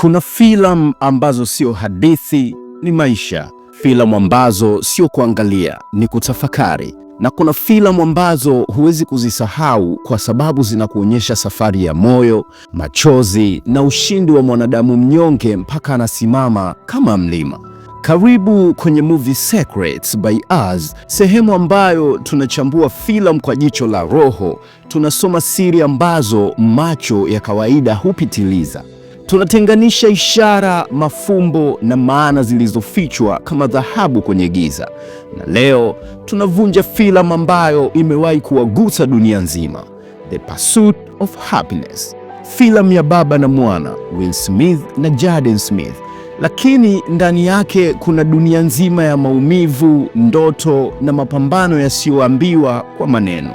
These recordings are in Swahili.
Kuna filamu ambazo sio hadithi, ni maisha. Filamu ambazo sio kuangalia, ni kutafakari. Na kuna filamu ambazo huwezi kuzisahau kwa sababu zinakuonyesha safari ya moyo, machozi na ushindi wa mwanadamu mnyonge mpaka anasimama kama mlima. Karibu kwenye Movie Secrets by Us, sehemu ambayo tunachambua filamu kwa jicho la roho, tunasoma siri ambazo macho ya kawaida hupitiliza. Tunatenganisha ishara, mafumbo na maana zilizofichwa kama dhahabu kwenye giza, na leo tunavunja filamu ambayo imewahi kuwagusa dunia nzima, The Pursuit of Happiness, filamu ya baba na mwana Will Smith na Jaden Smith, lakini ndani yake kuna dunia nzima ya maumivu, ndoto na mapambano yasiyoambiwa kwa maneno.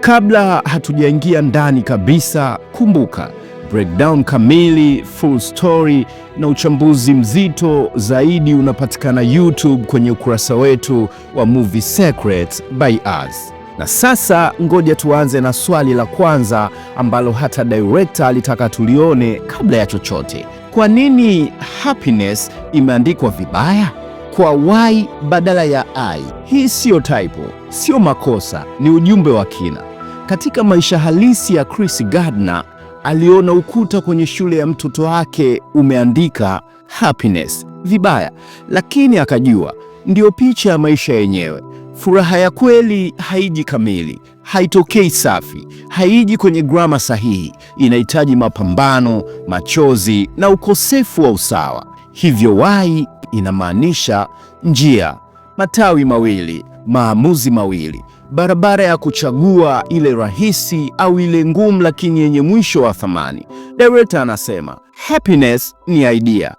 Kabla hatujaingia ndani kabisa, kumbuka breakdown kamili, full story na uchambuzi mzito zaidi unapatikana YouTube kwenye ukurasa wetu wa Movie Secrets by Us. Na sasa ngoja tuanze na swali la kwanza ambalo hata director alitaka tulione kabla ya chochote. Kwa nini happiness imeandikwa vibaya kwa y badala ya i? Hii siyo typo, sio makosa, ni ujumbe wa kina. Katika maisha halisi ya Chris Gardner aliona ukuta kwenye shule ya mtoto wake umeandika happiness vibaya, lakini akajua ndiyo picha ya maisha yenyewe. Furaha ya kweli haiji kamili, haitokei safi, haiji kwenye grama sahihi. Inahitaji mapambano, machozi na ukosefu wa usawa. Hivyo wai inamaanisha njia, matawi mawili, maamuzi mawili barabara ya kuchagua ile rahisi au ile ngumu, lakini yenye mwisho wa thamani. Derrida anasema happiness ni idea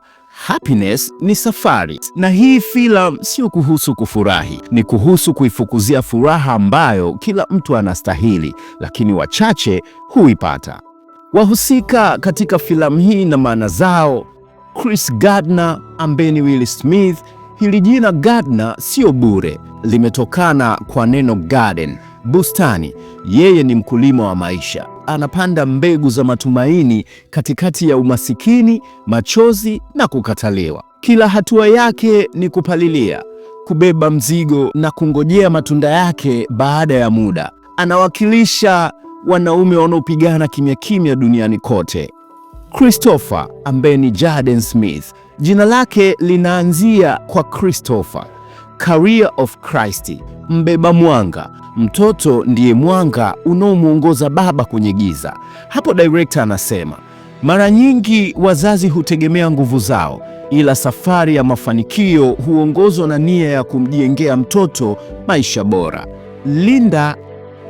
Happiness ni safari, na hii filamu sio kuhusu kufurahi, ni kuhusu kuifukuzia furaha ambayo kila mtu anastahili, lakini wachache huipata. Wahusika katika filamu hii na maana zao: Chris Gardner, ambeni Will Smith. Hili jina Gardner sio bure, limetokana kwa neno garden, bustani. Yeye ni mkulima wa maisha, anapanda mbegu za matumaini katikati ya umasikini, machozi na kukataliwa. Kila hatua yake ni kupalilia, kubeba mzigo na kungojea matunda yake baada ya muda. Anawakilisha wanaume wanaopigana kimya kimya duniani kote. Christopher ambaye ni Jaden Smith, jina lake linaanzia kwa Christopher Career of Christ, mbeba mwanga. Mtoto ndiye mwanga unaomwongoza baba kwenye giza. Hapo director anasema mara nyingi wazazi hutegemea nguvu zao, ila safari ya mafanikio huongozwa na nia ya kumjengea mtoto maisha bora. Linda,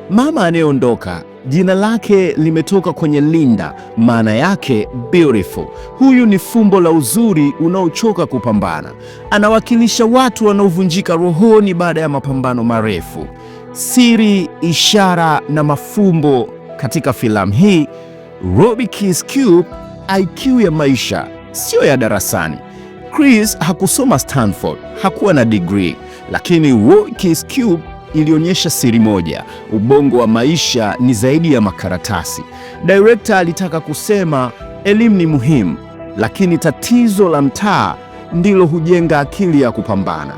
mama anayeondoka, Jina lake limetoka kwenye Linda, maana yake beautiful. Huyu ni fumbo la uzuri unaochoka kupambana. Anawakilisha watu wanaovunjika rohoni baada ya mapambano marefu. Siri, ishara na mafumbo katika filamu hii. Robbie Kiss Cube, IQ ya maisha siyo ya darasani. Chris hakusoma Stanford, hakuwa na degree, lakini Robbie Cube ilionyesha siri moja: ubongo wa maisha ni zaidi ya makaratasi. Director alitaka kusema elimu ni muhimu, lakini tatizo la mtaa ndilo hujenga akili ya kupambana.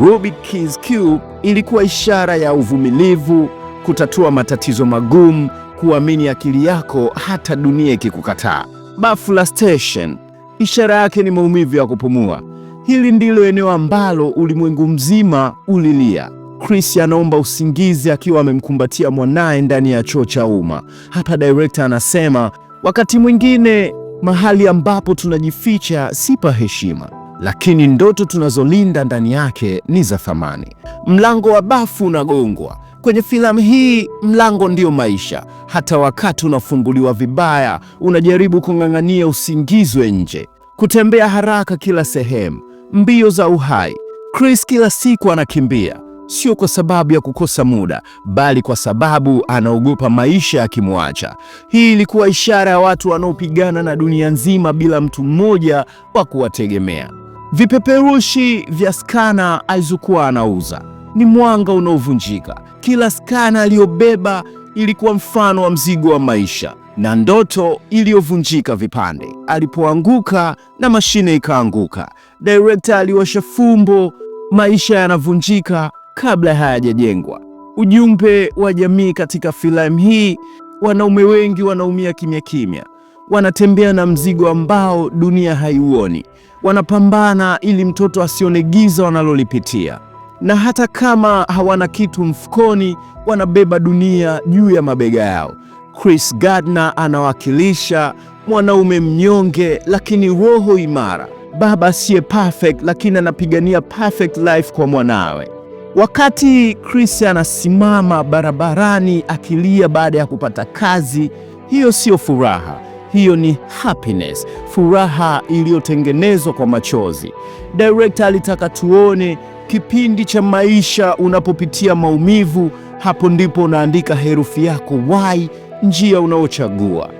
Rubik's Cube ilikuwa ishara ya uvumilivu, kutatua matatizo magumu, kuamini akili yako hata dunia ikikukataa. Bafula Station ishara yake ni maumivu ya kupumua. Hili ndilo eneo ambalo ulimwengu mzima ulilia. Chris anaomba usingizi akiwa amemkumbatia mwanaye ndani ya choo cha umma. Hapa director anasema wakati mwingine mahali ambapo tunajificha si pa heshima, lakini ndoto tunazolinda ndani yake ni za thamani. Mlango wa bafu unagongwa kwenye filamu hii. Mlango ndio maisha. Hata wakati unafunguliwa vibaya, unajaribu kung'ang'ania usingizwe nje. Kutembea haraka kila sehemu, mbio za uhai. Chris kila siku anakimbia sio kwa sababu ya kukosa muda, bali kwa sababu anaogopa maisha yakimwacha. Hii ilikuwa ishara ya watu wanaopigana na dunia nzima bila mtu mmoja wa kuwategemea. Vipeperushi vya skana alizokuwa anauza ni mwanga unaovunjika. Kila skana aliyobeba ilikuwa mfano wa mzigo wa maisha na ndoto iliyovunjika vipande. Alipoanguka na mashine ikaanguka, direkta aliwasha fumbo, maisha yanavunjika kabla hayajajengwa. Ujumbe wa jamii katika filamu hii, wanaume wengi wanaumia kimya kimya, wanatembea na mzigo ambao dunia haiuoni, wanapambana ili mtoto asione giza wanalolipitia, na hata kama hawana kitu mfukoni, wanabeba dunia juu ya mabega yao. Chris Gardner anawakilisha mwanaume mnyonge lakini roho imara, baba asiye perfect lakini anapigania perfect life kwa mwanawe. Wakati Chris anasimama barabarani akilia baada ya kupata kazi, hiyo sio furaha, hiyo ni happiness, furaha iliyotengenezwa kwa machozi. Director alitaka tuone kipindi cha maisha unapopitia maumivu, hapo ndipo unaandika herufi yako Y, njia unaochagua.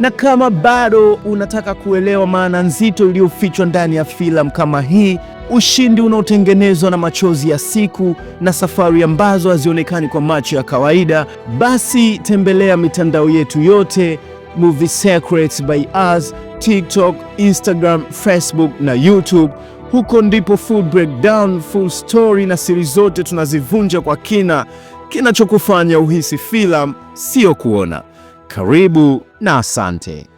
Na kama bado unataka kuelewa maana nzito iliyofichwa ndani ya filamu kama hii ushindi unaotengenezwa na machozi ya siku na safari ambazo hazionekani kwa macho ya kawaida, basi tembelea mitandao yetu yote Movie Secrets by Us, TikTok, Instagram, Facebook na YouTube. Huko ndipo full breakdown, full story na siri zote tunazivunja kwa kina, kinachokufanya uhisi filamu sio kuona. Karibu na asante.